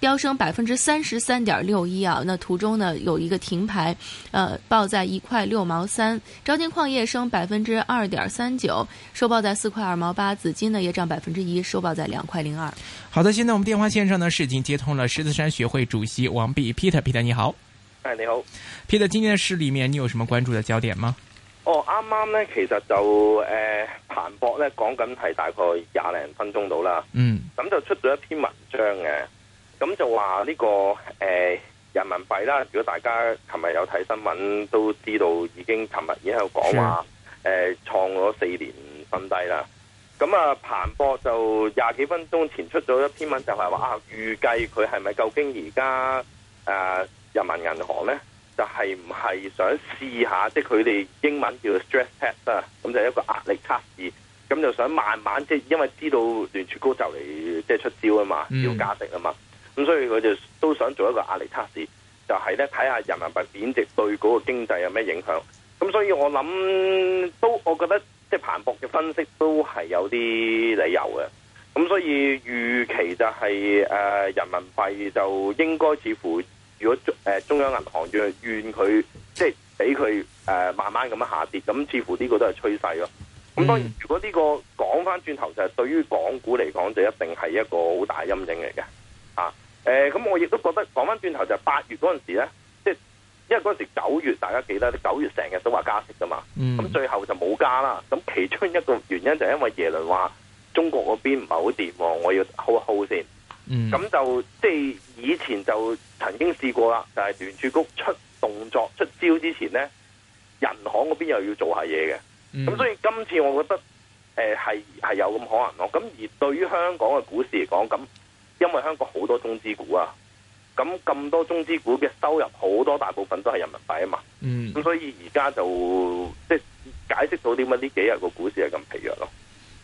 飆升百分之三十三點六一啊！那圖中呢有一個停牌，呃，報在一塊六毛三。招金礦業升百分之二點三九，收報在四塊二毛八。紫金呢也漲百分之一，收報在兩塊零二。好的，現在我們電話線上呢是已經接通了獅子山學會主席王弼 Peter，Peter 你好。哎，你好，Peter。今天的市裏面你有什麼關注的焦點嗎？哦，啱啱呢，其實就呃彭博呢講緊係大概廿零分鐘到啦。嗯。咁就出咗一篇文章嘅。咁就話呢、這個誒、呃、人民幣啦，如果大家琴日有睇新聞都知道，已經琴日已經有講話創咗四年新低啦。咁啊，彭博就廿幾分鐘前出咗一篇文，就係話啊，預計佢係咪究竟而家誒人民銀行咧，就係唔係想試下，即係佢哋英文叫做 stress test 啊，咁就一個壓力測試，咁就想慢慢即係、就是、因為知道聯儲高就嚟即係出招啊嘛，要加值啊嘛。嗯咁所以佢就都想做一個壓力測試，就係咧睇下人民幣貶值對嗰個經濟有咩影響。咁所以我諗都，我覺得即係彭博嘅分析都係有啲理由嘅。咁所以預期就係、是、誒、呃、人民幣就應該似乎如果誒、呃、中央銀行去，願佢即係俾佢誒慢慢咁樣下跌，咁似乎呢個都係趨勢咯。咁、嗯、當然，如果呢、這個講翻轉頭就係、是、對於港股嚟講，就一定係一個好大陰影嚟嘅啊。誒、呃，咁我亦都覺得講翻轉頭就係、是、八月嗰陣時咧，即係因為嗰陣時九月大家記得，九月成日都話加息㗎嘛，咁、嗯、最後就冇加啦。咁其中一個原因就係因為耶倫話中國嗰邊唔係好掂，我要 hold 一 hold 先。咁、嗯、就即係以前就曾經試過啦，就係、是、聯儲局出動作出招之前咧，人行嗰邊又要做下嘢嘅。咁、嗯、所以今次我覺得誒係係有咁可能咯。咁而對於香港嘅股市嚟講，咁。因為香港好多中資股啊，咁咁多中資股嘅收入好多大部分都係人民幣啊嘛，咁、嗯、所以而家就即係解釋到點解呢幾日個股市係咁疲弱咯。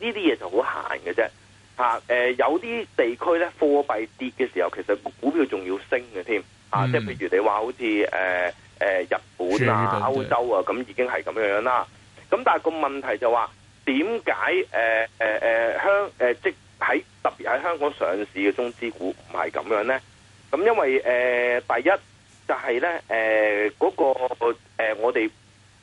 呢啲嘢就好閒嘅啫，吓，誒，有啲地區咧貨幣跌嘅時候，其實股票仲要升嘅添，啊，即、嗯、係譬如你話好似誒誒日本啊、歐洲啊，咁、啊、已經係咁樣樣啦。咁、嗯、但係個問題就話，點解誒誒誒香誒即喺特別喺香港上市嘅中資股唔係咁樣咧？咁因為誒、呃、第一就係、是、咧，誒、呃、嗰、那個誒、呃、我哋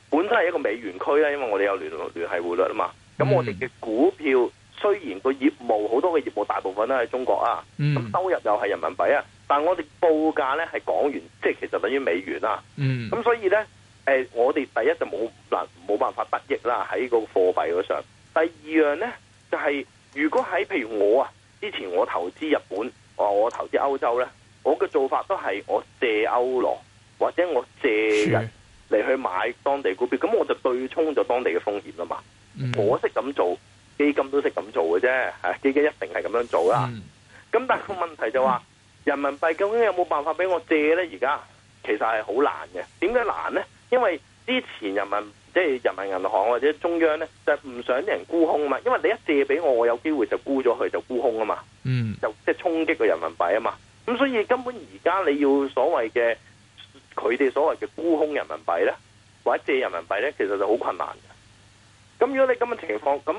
本身係一個美元區啦，因為我哋有聯聯繫匯率啊嘛。咁我哋嘅股票雖然個業務好多嘅業務大部分都喺中國啊，咁收入又係人民幣啊，但係我哋報價咧係港元，即係其實等於美元啦、啊。咁、嗯、所以咧，誒、呃，我哋第一就冇嗱，冇辦法得益啦喺個貨幣嗰上。第二樣咧就係、是、如果喺譬如我啊，之前我投資日本，哦，我投資歐洲咧，我嘅做法都係我借歐羅或者我借人嚟去買當地股票，咁我就對沖咗當地嘅風險啦嘛。我識咁做，基金都識咁做嘅啫，係基金一定係咁樣做啦。咁、嗯、但係個問題就話、是，人民幣究竟有冇辦法俾我借呢？而家其實係好難嘅。點解難呢？因為之前人民即係人民銀行或者中央呢，就唔想啲人沽空啊嘛。因為你一借俾我，我有機會就沽咗佢就沽空啊嘛。嗯，就即係衝擊個人民幣啊嘛。咁所以根本而家你要所謂嘅佢哋所謂嘅沽空人民幣呢，或者借人民幣呢，其實就好困難。咁如果你咁嘅情況，咁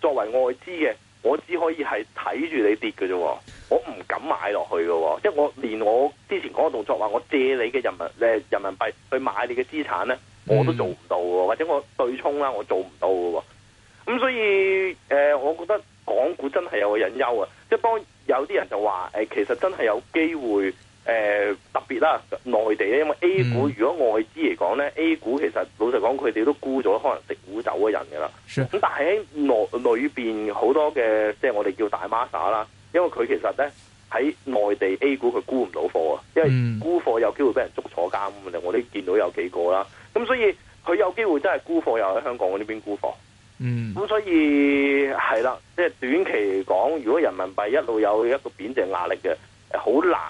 作為外資嘅，我只可以係睇住你跌嘅啫，我唔敢買落去嘅，即係我連我之前嗰個動作話我借你嘅人民誒人民幣去買你嘅資產咧，我都做唔到、嗯，或者我對沖啦，我做唔到喎。咁所以誒、呃，我覺得港股真係有個隱憂啊！即係當有啲人就話、呃、其實真係有機會。誒、呃，特別啦，內地咧，因為 A 股如果外資嚟講咧，A 股其實老實講，佢哋都沽咗，可能食股走嘅人噶啦。咁但係喺內裏邊好多嘅，即係我哋叫大 Masa 啦，因為佢其實咧喺內地 A 股佢沽唔到貨啊，因為沽貨有機會俾人捉坐監嘅，我都見到有幾個啦。咁所以佢有機會真係沽貨又喺香港呢邊沽貨。嗯，咁所以係啦，即係短期嚟講，如果人民幣一路有一個貶值壓力嘅，好難。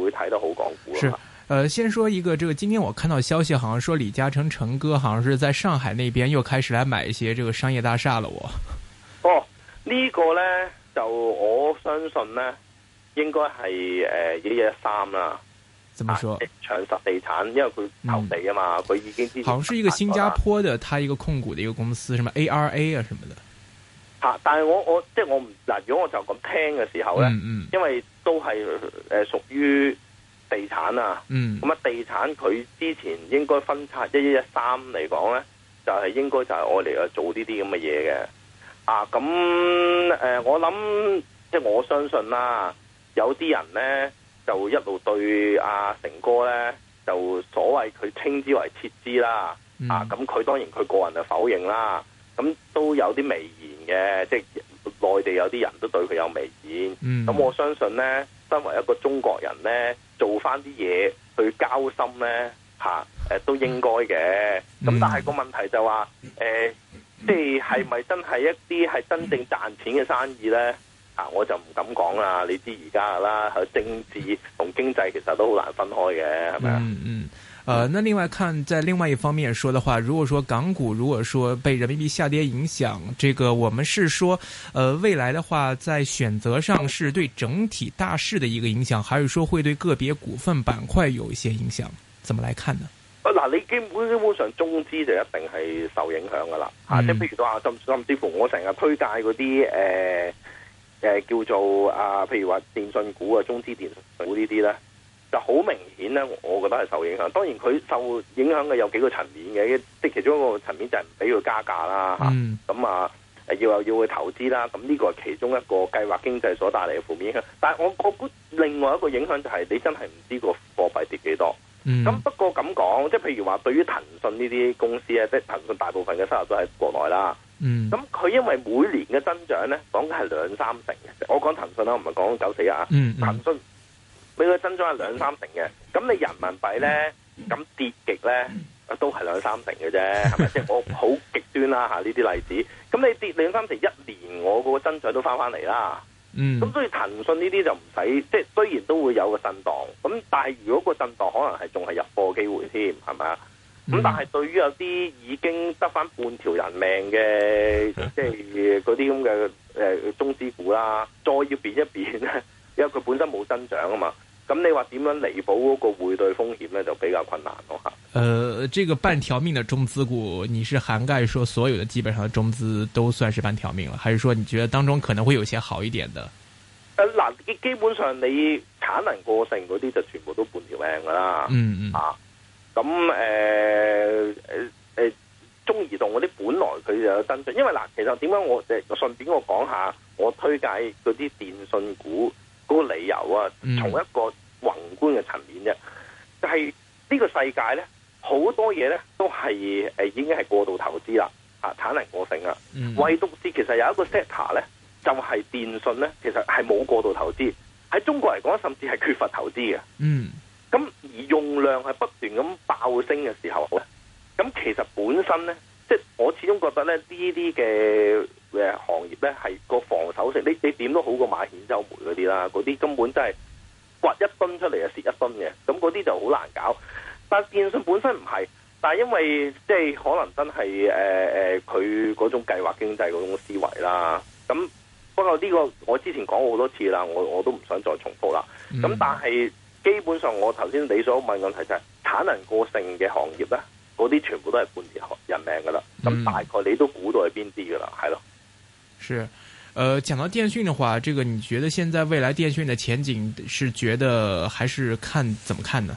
會睇得好講古。是，呃，先說一個，這個今天我看到消息，好像說李嘉誠成哥，好像是在上海那邊又開始來買一些這個商業大廈喇喎。哦，呢、這個呢，就我相信呢應該係誒一月三啦。怎麼說？搶、啊呃、長實地產，因為佢投地啊嘛，佢、嗯、已經。好像是一個新加坡的，他一個控股的一個公司，什麼 ARA 啊什麼的。吓、啊！但係我我即係我唔嗱，啊，如果我就咁聽嘅時候咧、嗯嗯，因為都係誒屬於地產啊，咁、嗯、啊地產佢之前應該分拆一一一三嚟講咧，就係、是、應該就係我嚟去做呢啲咁嘅嘢嘅啊。咁誒、呃，我諗即係我相信、啊些啊、啦，有啲人咧就一路對阿成哥咧就所謂佢稱之為撤資啦，啊咁佢當然佢個人就否認啦。咁、嗯、都有啲微言嘅，即係內地有啲人都對佢有微言。咁、嗯、我相信呢，身為一個中國人呢，做翻啲嘢去交心呢，吓、啊呃，都應該嘅。咁、嗯嗯、但係個問題就話，誒、呃，即係係咪真係一啲係真正賺錢嘅生意呢？啊，我就唔敢講啦。你知而家啦，政治同經濟其實都好難分開嘅，係咪啊？嗯。嗯。呃，那另外看，在另外一方面說的話，如果說港股，如果說被人民幣下跌影響，這個我們是說，呃，未來的話，在選擇上是對整體大市的一個影響，還是說會對個別股份板塊有一些影響？怎麼來看呢？嗱、啊，你基本基本上中資就一定係受影響噶啦，吓、啊，即係譬如話，甚甚至乎我成日推介嗰啲誒誒，叫做啊，譬、呃、如話電信股啊，中資電信股呢啲咧。就好明顯咧，我覺得係受影響。當然佢受影響嘅有幾個層面嘅，即係其中一個層面就係唔俾佢加價啦嚇。咁、嗯、啊，要又要去投資啦。咁呢個係其中一個計劃經濟所帶嚟嘅負面影響。但係我我估另外一個影響就係你真係唔知道個唔知個貨幣跌幾多。咁、嗯、不過咁講，即係譬如話對於騰訊呢啲公司咧，即係騰訊大部分嘅收入都喺國內啦。咁、嗯、佢因為每年嘅增長咧，講緊係兩三成嘅。我講騰訊啦，唔係講九四啊、嗯嗯。騰訊俾佢增長係兩三成嘅，咁你人民幣咧咁跌極咧都係兩三成嘅啫，係咪？即 係我好極端啦嚇呢啲例子。咁你跌兩三成一年，我個增長都翻翻嚟啦。嗯，咁所以騰訊呢啲就唔使，即係雖然都會有個震盪，咁但係如果個震盪可能係仲係入貨機會添，係咪啊？咁、嗯、但係對於有啲已經得翻半條人命嘅，即係嗰啲咁嘅誒中資股啦，再要變一變咧，因為佢本身冇增長啊嘛。咁你話點樣彌補個匯兌風險咧，就比較困難咯嚇。誒、呃，這個半條命的中資股，你是涵蓋說所有的基本上的中資都算是半條命了，還是說你覺得當中可能會有些好一點的？誒、呃、嗱，基本上你產能過剩嗰啲就全部都半條命噶啦。嗯嗯啊。咁誒誒誒，中移動嗰啲本來佢就有增值，因為嗱、呃、其實點解我誒順、呃、便我講下，我推介嗰啲電信股。個理由啊，從一個宏觀嘅層面啫、嗯，就係、是、呢個世界咧，好多嘢咧都係誒、呃、已經係過度投資啦，啊產能過剩啦、嗯。唯獨是其實有一個 sector 咧，就係、是、電信咧，其實係冇過度投資，喺中國嚟講甚至係缺乏投資嘅。嗯，咁而用量係不斷咁爆升嘅時候咧，咁其實本身咧，即係我始終覺得咧呢啲嘅。嘅行業咧，係個防守性，你你點都好過買顯週梅嗰啲啦，嗰啲根本真係掘一噸出嚟就蝕一噸嘅，咁嗰啲就好難搞。但係電信本身唔係，但係因為即係可能真係誒誒，佢、呃、嗰種計劃經濟嗰種思維啦。咁不過呢個我之前講好多次啦，我我都唔想再重複啦。咁、嗯、但係基本上，我頭先你所問,問題就係產能過剩嘅行業咧，嗰啲全部都係半條人命噶啦。咁、嗯、大概你都估到係邊啲噶啦，係咯？是，呃，講到電訊的話，這個你覺得現在未來電訊的前景是覺得還是看怎麼看呢？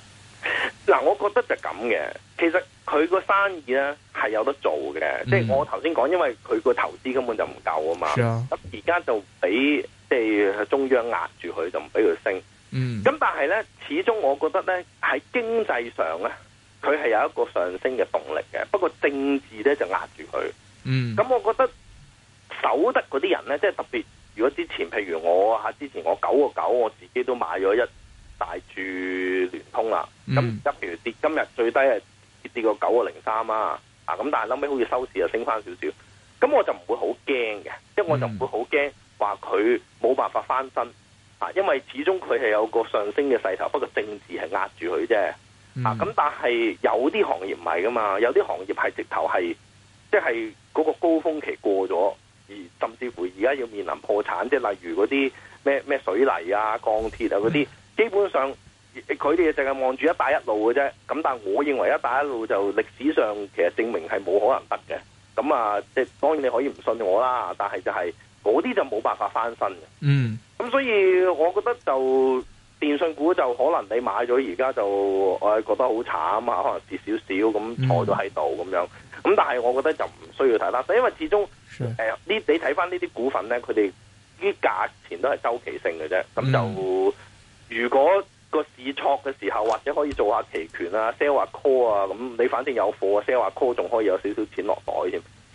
嗱、呃，我覺得就咁嘅。其實佢個生意呢係有得做嘅，嗯，即係我頭先講，因為佢個投資根本就唔夠啊嘛。咁而家就俾地、呃、中央壓住佢，就唔俾佢升。嗯，咁但係呢，始終我覺得呢喺經濟上呢，佢係有一個上升嘅動力嘅，不過政治呢就壓住佢。嗯，咁我覺得。走得嗰啲人咧，即係特別。如果之前，譬如我吓，之前我九個九，我自己都買咗一大注聯通啦。咁、嗯、一譬如跌，今日最低係跌跌過九個零三啦。啊，咁但係諗起好似收市就升翻少少。咁我就唔會好驚嘅，即係我就唔會好驚話佢冇辦法翻身啊。因為始終佢係有個上升嘅勢頭，不過政治係壓住佢啫。啊，咁但係有啲行業唔係噶嘛，有啲行業係直頭係即係嗰個高峰期過咗。甚至乎而家要面臨破產，即係例如嗰啲咩咩水泥啊、鋼鐵啊嗰啲，基本上佢哋淨係望住一帶一路嘅啫。咁但係我認為一帶一路就歷史上其實證明係冇可能得嘅。咁啊，即當然你可以唔信我啦，但係就係嗰啲就冇辦法翻身嘅。嗯，咁所以我覺得就。電信股就可能你買咗，而家就我係覺得好慘啊，可能跌少少咁坐咗喺度咁樣。咁但係我覺得就唔需要睇啦，因為始終呢、呃，你睇翻呢啲股份呢，佢哋啲價錢都係周期性嘅啫。咁就、嗯、如果個市錯嘅時候，或者可以做下期權啊、sell 或 call 啊，咁你反正有貨，sell、啊、或 call 仲可以有少少錢落袋添、啊。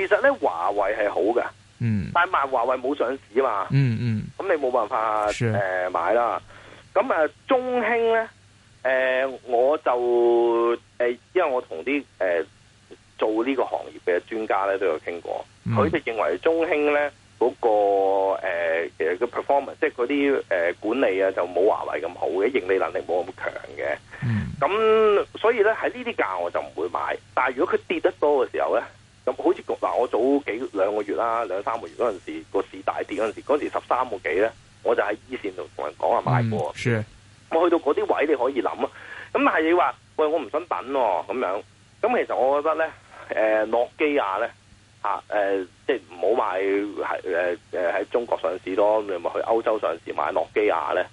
其實咧，華為係好嘅，嗯，但係華為冇上市嘛，咁、嗯嗯、你冇辦法誒、呃、買啦。咁誒中興咧，誒、呃、我就誒、呃，因為我同啲誒做呢個行業嘅專家咧都有傾過，佢、嗯、哋認為中興咧嗰、嗰個誒、呃、其實個 performance，即係嗰啲誒管理啊，就冇華為咁好嘅，盈利能力冇咁強嘅。咁、嗯、所以咧喺呢啲價我就唔會買，但係如果佢跌得多嘅時候咧。咁好似嗱、啊，我早幾兩個月啦，兩三個月嗰陣時個市大跌嗰陣時，嗰時十三個幾咧，我就喺二線度同人講話買過，我、嗯、去到嗰啲位你可以諗啊。咁但係你話喂，我唔想等咁、哦、樣。咁其實我覺得咧，誒、呃，諾基亞咧吓，誒、啊呃，即係唔好買係誒誒喺中國上市咯，你咪去歐洲上市買諾基亞咧。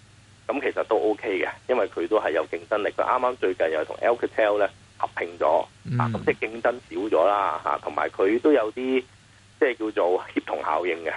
咁其實都 OK 嘅，因為佢都係有競爭力。佢啱啱最近又同 Alcatel 咧合併咗、嗯，啊咁即係競爭少咗啦嚇，同埋佢都有啲即係叫做協同效應嘅。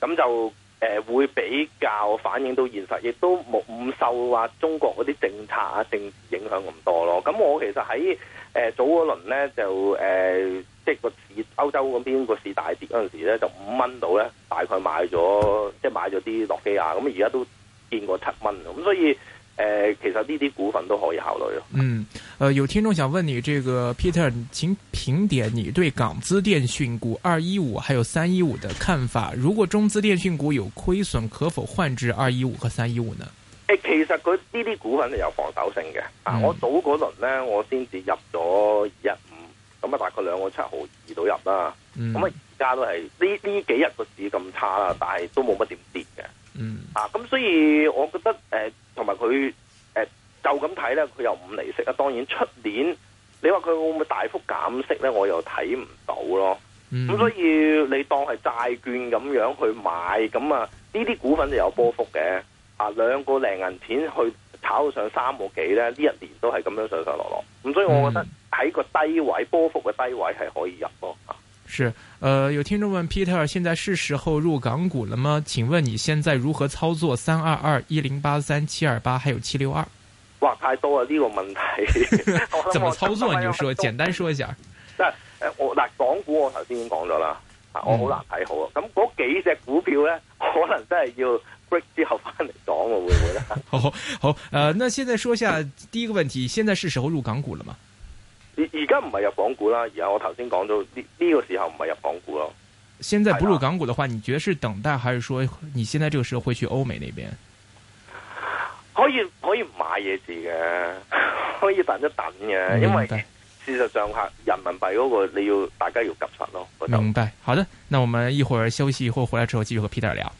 咁就誒、呃、會比較反映到現實，亦都冇唔受話中國嗰啲政策啊、政治影響咁多咯。咁我其實喺誒、呃、早嗰輪咧就誒、呃、即係個市歐洲嗰邊個市大跌嗰陣時咧，就五蚊度咧，大概買咗即係買咗啲諾基亞，咁而家都見過七蚊，咁所以誒、呃，其實呢啲股份都可以考慮咯。嗯，誒、呃，有聽眾想問你，這個 Peter，請評點你對港資電訊股二一五還有三一五嘅看法。如果中資電訊股有虧損，可否換至二一五和三一五呢？誒、呃，其實佢呢啲股份係有防守性嘅。啊，嗯、我早嗰輪咧，我先至入咗二一五，咁啊，大概兩個七毫二度入啦。咁啊、嗯，而家都係呢呢幾日個市咁差啦，但係都冇乜點跌嘅。嗯，啊，咁所以我覺得誒，同埋佢誒，就咁睇咧，佢又五厘息啊。當然出年你話佢會唔會大幅減息咧，我又睇唔到咯。咁、嗯、所以你當係債券咁樣去買，咁啊呢啲股份就有波幅嘅。啊，兩個零銀錢去炒到上三個幾咧，呢一年都係咁樣上上落落。咁所以我覺得喺個低位波幅嘅低位係可以入咯。是，呃，有聽眾問 Peter 現在是時候入港股了嗎？請問你現在如何操作三二二一零八三七二八還有七六二？哇，太多了這個問題， 怎麼操作 你就說，簡單說一下。但、嗯、係，誒，我嗱港股，我頭先已經講咗啦，我好難睇好啊。咁嗰幾隻股票咧，可能真係要 break 之後翻嚟講，會唔會咧？好好好，呃，那現在說下第一個問題，現在是時候入港股了嗎？而而家唔係入港股啦，而我頭先講到呢呢個時候唔係入港股咯。現在不入港股嘅話，你覺得是等待，還是說你現在這個時候會去歐美那邊？可以可以唔買嘢住嘅，可以等一等嘅，因為事實上吓人民幣嗰、那個你要大家要急剎咯。明白，好的，那我們一會兒休息，以後回來之後繼續和 Peter 聊。